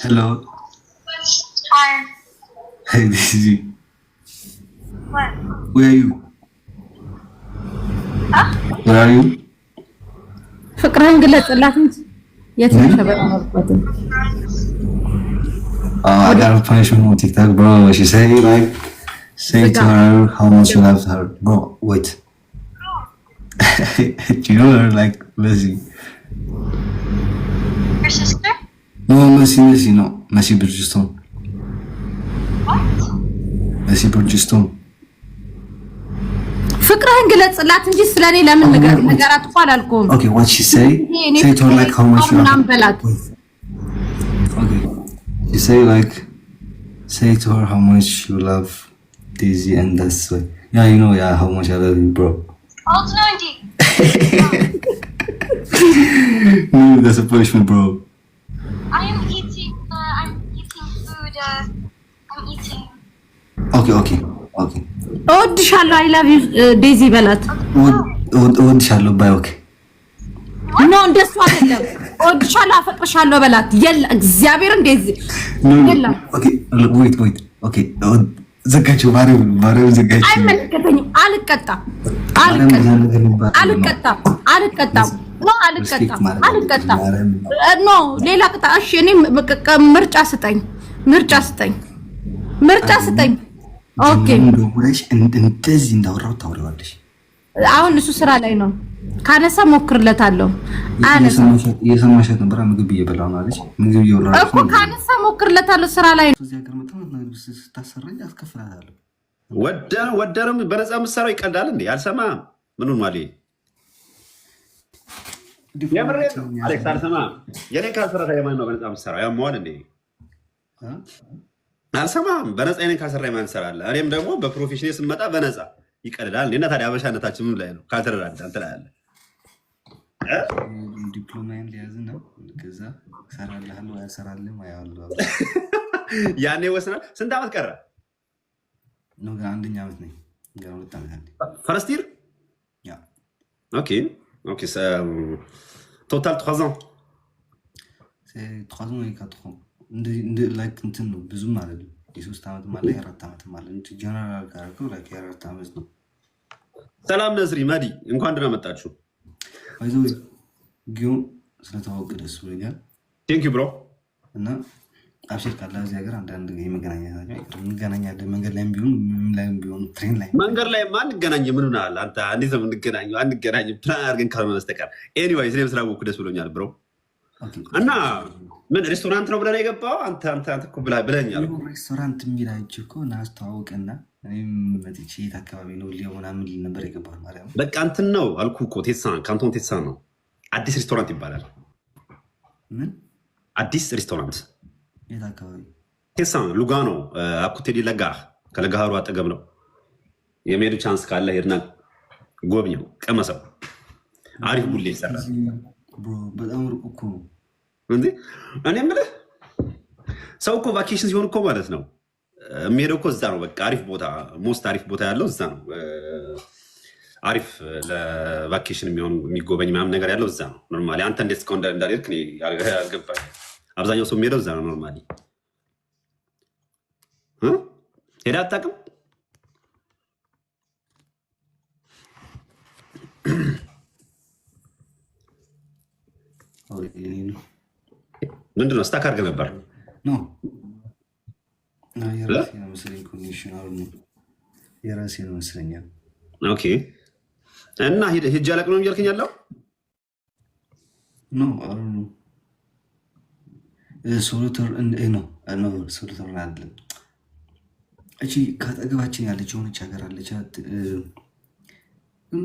Hello. Hi. Hey, this is you. What? Where are you? Huh? Where are you? ፍቅርህን ግለጽላት እንጂ የት ተበጣበትን Uh, I got a punishment on TikTok, bro. She say like, say to her how much you love her. Bro, wait. Do you know her, like, Lizzie? Your sister? No, no, Non, merci, merci, non. Merci pour juste temps. Merci pour juste temps. ፍቅርህን ግለጽ ላት እንጂ ስለኔ ለምን oh, ነገር ነገራት እኮ አላልኩም። Okay, what she say say to her like how much you love በላት። ኦኬ she say like say to her how much you love Daisy and that's why yeah you know yeah how much I love you bro. Old ninety. No, that's a punishment, bro. I'm eating. Uh, I'm eating food. Uh, I'm eating. Okay, okay, okay. እወድሻለሁ አይ ላቭ ዩ ዴዚ በላት። እወድሻለሁ ባይ ኦኬ። ኖ እንደሱ አይደለም። እወድሻለሁ አፈቅርሻለሁ በላት። የለ እግዚአብሔርን ዴዚ የለ። ኦኬ ኦኬ ዘጋቸው ማርያም ማርያም ዘጋቸው። አይመለከተኝም። አልቀጣም አልቀጣም አልቀጣም አልቀጣም አልቀጣም አልቀጣም። ኖ ሌላ ቅጣ። እሺ እኔ ምርጫ ስጠኝ፣ ምርጫ ስጠኝ፣ ምርጫ ስጠኝ። እንደዚህ እንዳወራው ታውሪዋለሽ። አሁን እሱ ስራ ላይ ነው። ካነሳ ሞክርለታለሁ። የሰማሻት ነበር። ምግብ እየበላ ነው አለች። ምግብ እየበላ እኮ ካነሳ ሞክርለታለሁ። ስራ ላይ ነው። እዚህ ሀገር ስታሰራኝ አስከፍላታለሁ። ወደ ነው በነፃ የምትሰራው ይቀልዳል እንዴ? አልሰማህም? ምኑን ማለት አሌክስ አልሰማህም። የኔ ካልሰራ የማን ነው በነፃ የምትሰራው? ያመዋል እንዴ? አልሰማህም። በነፃ የኔን ካልሰራ የማን ትሰራለህ? እኔም ደግሞ በፕሮፌሽኔ ስመጣ በነፃ ይቀልላል እና ታዲያ አበሻነታችን ምን ላይ ነው? ካልተረዳን ትላለህ። ዲፕሎማን ሊያዝ ነው ከዛ እሰራልሃለሁ አያሰራልህም አያዋሉ ያኔ ወስናል። ስንት ዓመት ቀረ? አንደኛ ዓመት ነኝ። ሁለት ዓመት ፈረስቲር ኦኬ ኦኬ ቶታል trois ans trois ans ወይ quatre ans ላይክ እንትን ነው ብዙም አለ የሶስት ዓመት አለ የአራት ዓመት አለ ጀነራል ካረገው ላይክ የአራት ዓመት ነው። ሰላም ነስሪ መዲ እንኳን ደህና መጣችሁ። ይዞ ጊዮን ስለተዋወቅ ደስ ብሎኛል። ቴንክ ዩ ብሮ እና አብሽር ካለ እዚህ ሀገር አንዳንድ እንገናኛለን። መንገድ ላይ ቢሆን ምን ላይም ቢሆን ትሬን ላይ መንገድ ላይ ማ አንገናኝም። ምን ሆነሃል አንተ? እንዴት ነው የምንገናኘው? አንገናኝም ፕላን አድርገን ካልሆነ በስተቀር ኤኒዌይ። እኔም ስላወኩ ደስ ብሎኛል ብሮ እና ምን ሬስቶራንት ነው ብለን የገባው አንተ አንተ አንተ እኮ ብለኛል። ሬስቶራንት የሚል አይቼ እኮ እና አስተዋወቅና መጥቼ የት አካባቢ ነው ሊሆና ምን ሊል ነበር የገባው ማርያም። በቃ እንትን ነው አልኩ እኮ ቴሳ ካንቶን ቴሳ ነው አዲስ ሬስቶራንት ይባላል። ምን አዲስ ሬስቶራንት የት አካባቢ? ኬሳ ሉጋኖ አኩቴዲ ለጋህ ከለጋሩ አጠገብ ነው። የመሄዱ ቻንስ ካለ ሄድና ጎብኘው፣ ቀመሰው። አሪፍ ቡሌ ይሰራል። በጣም ሩቅ እኮ እንዴ! እኔ ምልህ ሰው እኮ ቫኬሽን ሲሆን እኮ ማለት ነው የሚሄደው እኮ እዛ ነው። በቃ አሪፍ ቦታ ሞስት አሪፍ ቦታ ያለው እዛ ነው። አሪፍ ለቫኬሽን የሚሆን የሚጎበኝ ምናምን ነገር ያለው እዛ ነው። ኖርማሊ አንተ እንዴት እስካሁን እንዳልሄድክ እኔ አልገባኝም። አብዛኛው ሰው የሚሄደው እዛ ነው። ኖርማሊ ሄደ አታውቅም። ምንድን ነው ነበር? የራሴ ነው ኦኬ እና ሂጅ አላውቅም ነው እያልከኝ ያለው ሶሎተር ሶሉተር ነው ሶሎተር አለን። እቺ ከአጠገባችን ያለች የሆነች ሀገር አለች፣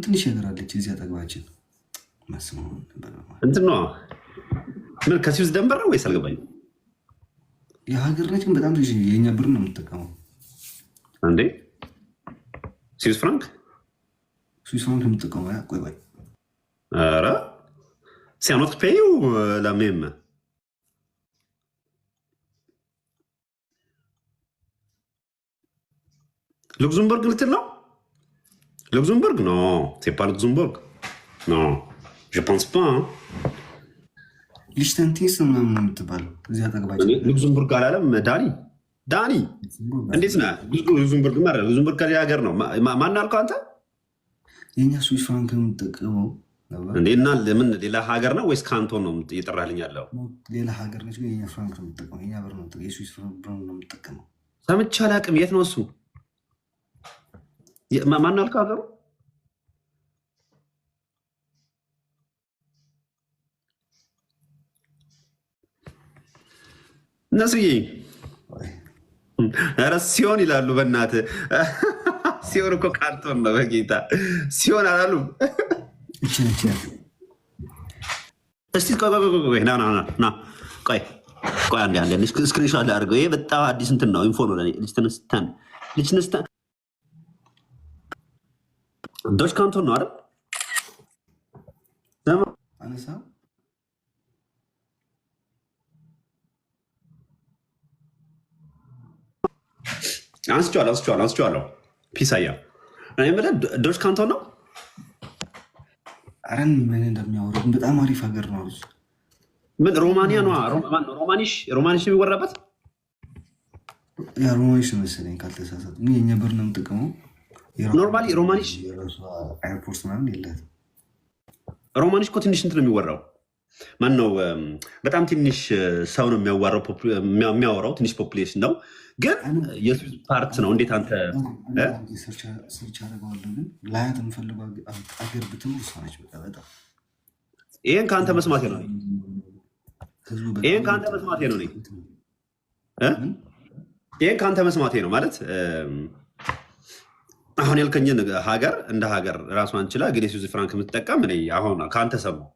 ትንሽ ሀገር አለች። እዚህ አጠገባችን እንትን ምን ከስዊዝ ደንበር ወይስ አልገባኝም። የሀገር ነችን በጣም ትንሽ የእኛ ብር ነው የምትጠቀመው። አንዴ ስዊዝ ፍራንክ ስዊዝ ፍራንክ የምትጠቀመው ቆይ ቆይ ኧረ ሲያኖት ፔዩ ለሜም ሉክዘምበርግ ልትል ነው? ሉክዘምበርግ ኖ ሴ ፓ ሉክዙምበርግ ኖ ጀ ፓ ሊሽተንቴስ ምናምን የምትባለው እዚህ አላለም ዳኒ ዳኒ እንዴት ነህ? ሉክዙምበርግ ማ ሉክዘምበርግ ከዚህ ሀገር ነው። ማን አልከው አንተ? የኛ ስዊስ ፍራንክ ነው የምጠቀመው። እና ምን ሌላ ሀገር ነው ወይስ ካንቶን ነው እየጠራልኝ ያለው? ሌላ ሀገር ነች፣ ግን የኛ ፍራንክ ነው የምጠቀመው። የኛ ብር ነው የስዊስ ፍራንክ ነው የምጠቀመው። ሰምቼ አላውቅም። የት ነው እሱ? ማን አልከው? ሀገሩ ነስዬ ኧረ ሲሆን ይላሉ። በእናት ሲሆን እኮ ካርቶን ነው። በጌታ ሲሆን አላሉም። እስቲ ቆይ ቆይ አንዴ አንዴ ስክሪንሾት አድርገው። ይሄ በጣም አዲስ እንትን ነው። ኢንፎ ነው። ልጅ ተነስተን ልጅ ተነስተን ዶች ካንቶን ነው አይደል? አንስቼዋለሁ አንስቼዋለሁ አንስቼዋለሁ። ፒሳያ እኔ የምልህ ዶች ካንቶን ነው። አረን ምን እንደሚያወሩት በጣም አሪፍ ሀገር ነው። ምን ሮማኒያ ነው? ሮማኒሽ ሮማኒሽ የሚወራበት ሮማኒሽ መሰለኝ ካልተሳሳትኩ። የእኛ ብር ነው የምጠቀመው ኖርማሊ ሮማኒሽ ኤርፖርት ምናምን ሮማኒሽ እኮ ትንሽ እንትን ነው የሚወራው ማን ነው በጣም ትንሽ ሰው ነው የሚያወራው። ትንሽ ፖፑሌሽን ነው ግን የሱ ፓርት ነው። እንዴት አንተ ሰርች አደርገዋለሁ ግን ላያት የምፈልገው አገር እሷ ነች። በጣም ይህን ከአንተ መስማት ነው ይህን ከአንተ መስማቴ ነው ይህን ከአንተ መስማቴ ነው ማለት አሁን ያልከኝን ሀገር እንደ ሀገር ራሷን ችላ ግዴስ ዩዝ ፍራንክ የምትጠቀም እኔ አሁን ከአንተ ሰማሁ።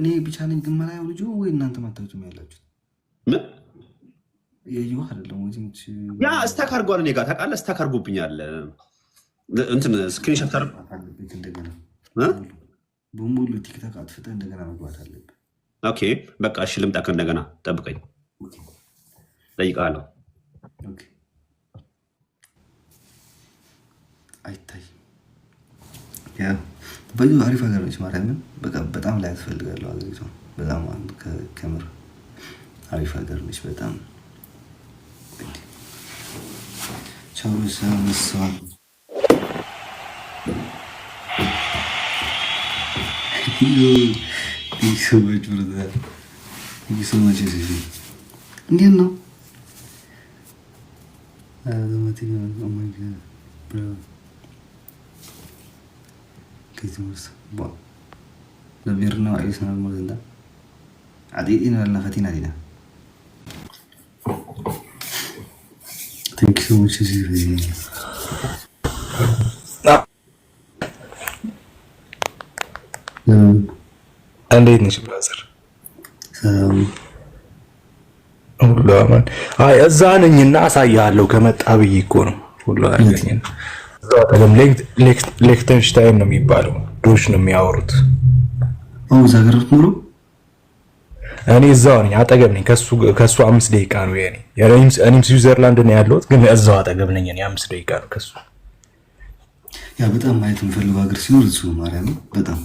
እኔ ብቻ ነኝ ግን ሆን እ ወይ እናንተ ማታችም ያላችሁ ምን የዩ አደለም ያ እስታክ አድርጓል። እኔ ጋር ታውቃለህ፣ ስታክ አድርጎብኛል። እንትን ስክሪንሾት በሙሉ ቲክታክ አጥፍተህ እንደገና መግባት አለብህ። ኦኬ በቃ እሺ፣ ልምጣ ከእንደገና ጠብቀኝ፣ ጠይቃለሁ። አይታይም። በዩ አሪፍ ሀገር ነች። ማርያምን በቃ በጣም ላይ ያስፈልጋለሁ ሀገሪቷ በጣም ከምር አሪፍ ሀገር ነች። በጣም ቻውሳ ምሳ እንዴት ነው? Hicimos, bueno, los viernes ellos no me molestan. A ti y no en la fatina, Dina. Thank you so much, Sylvie. እንዴት ነሽ ብራዘር? ሁሉ አማን። አይ እዛ ነኝና አሳያለሁ ከመጣ ብዬ እኮ ነው። ሁሉ አማን ዛ ሌክተንሽታይን ነው የሚባለው። ዶች ነው የሚያወሩት። እኔ እዛው ነኝ፣ አጠገብ ነኝ። ከሱ አምስት ደቂቃ ነው የኔ። እኔም ስዊዘርላንድ ነው ያለሁት፣ ግን እዛው አጠገብ ነኝ። እኔ አምስት ደቂቃ ነው ከሱ። ያ በጣም ማየት የምፈልገው ሀገር ሲኖር እሱ ማርያም፣ በጣም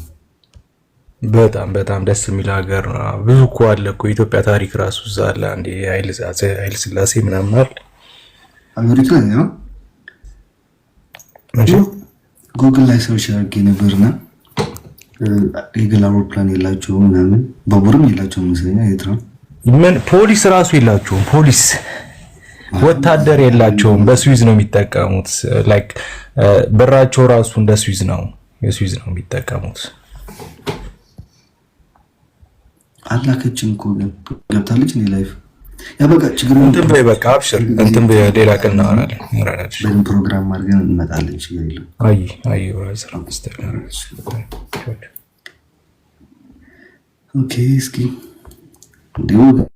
በጣም በጣም ደስ የሚል ሀገር ነው። ብዙ እኮ አለ እኮ የኢትዮጵያ ታሪክ ራሱ እዛ አለ። አንዴ ኃይለ ሥላሴ ምናምን አለ ጉግል ላይ ሰዎች አድርጌ ነበርና የግል አውሮፕላን የላቸውም ምናምን፣ ባቡርም የላቸውም መሰለኝ። ኤርትራ ምን ፖሊስ ራሱ የላቸውም። ፖሊስ ወታደር የላቸውም። በስዊዝ ነው የሚጠቀሙት። ላይክ ብራቸው ራሱ እንደ ስዊዝ ነው፣ የስዊዝ ነው የሚጠቀሙት። አላከችን እኮ ግን ገብታለች እኔ ላይፍ ያበቃ ችግር በቃ አብሽር እንትን ሌላ ቀን እናወራለን። በምን ፕሮግራም አድርገን እንመጣለን። ችግር የለም። አይ አይ ስራ ኦኬ። እስኪ እንዲሁ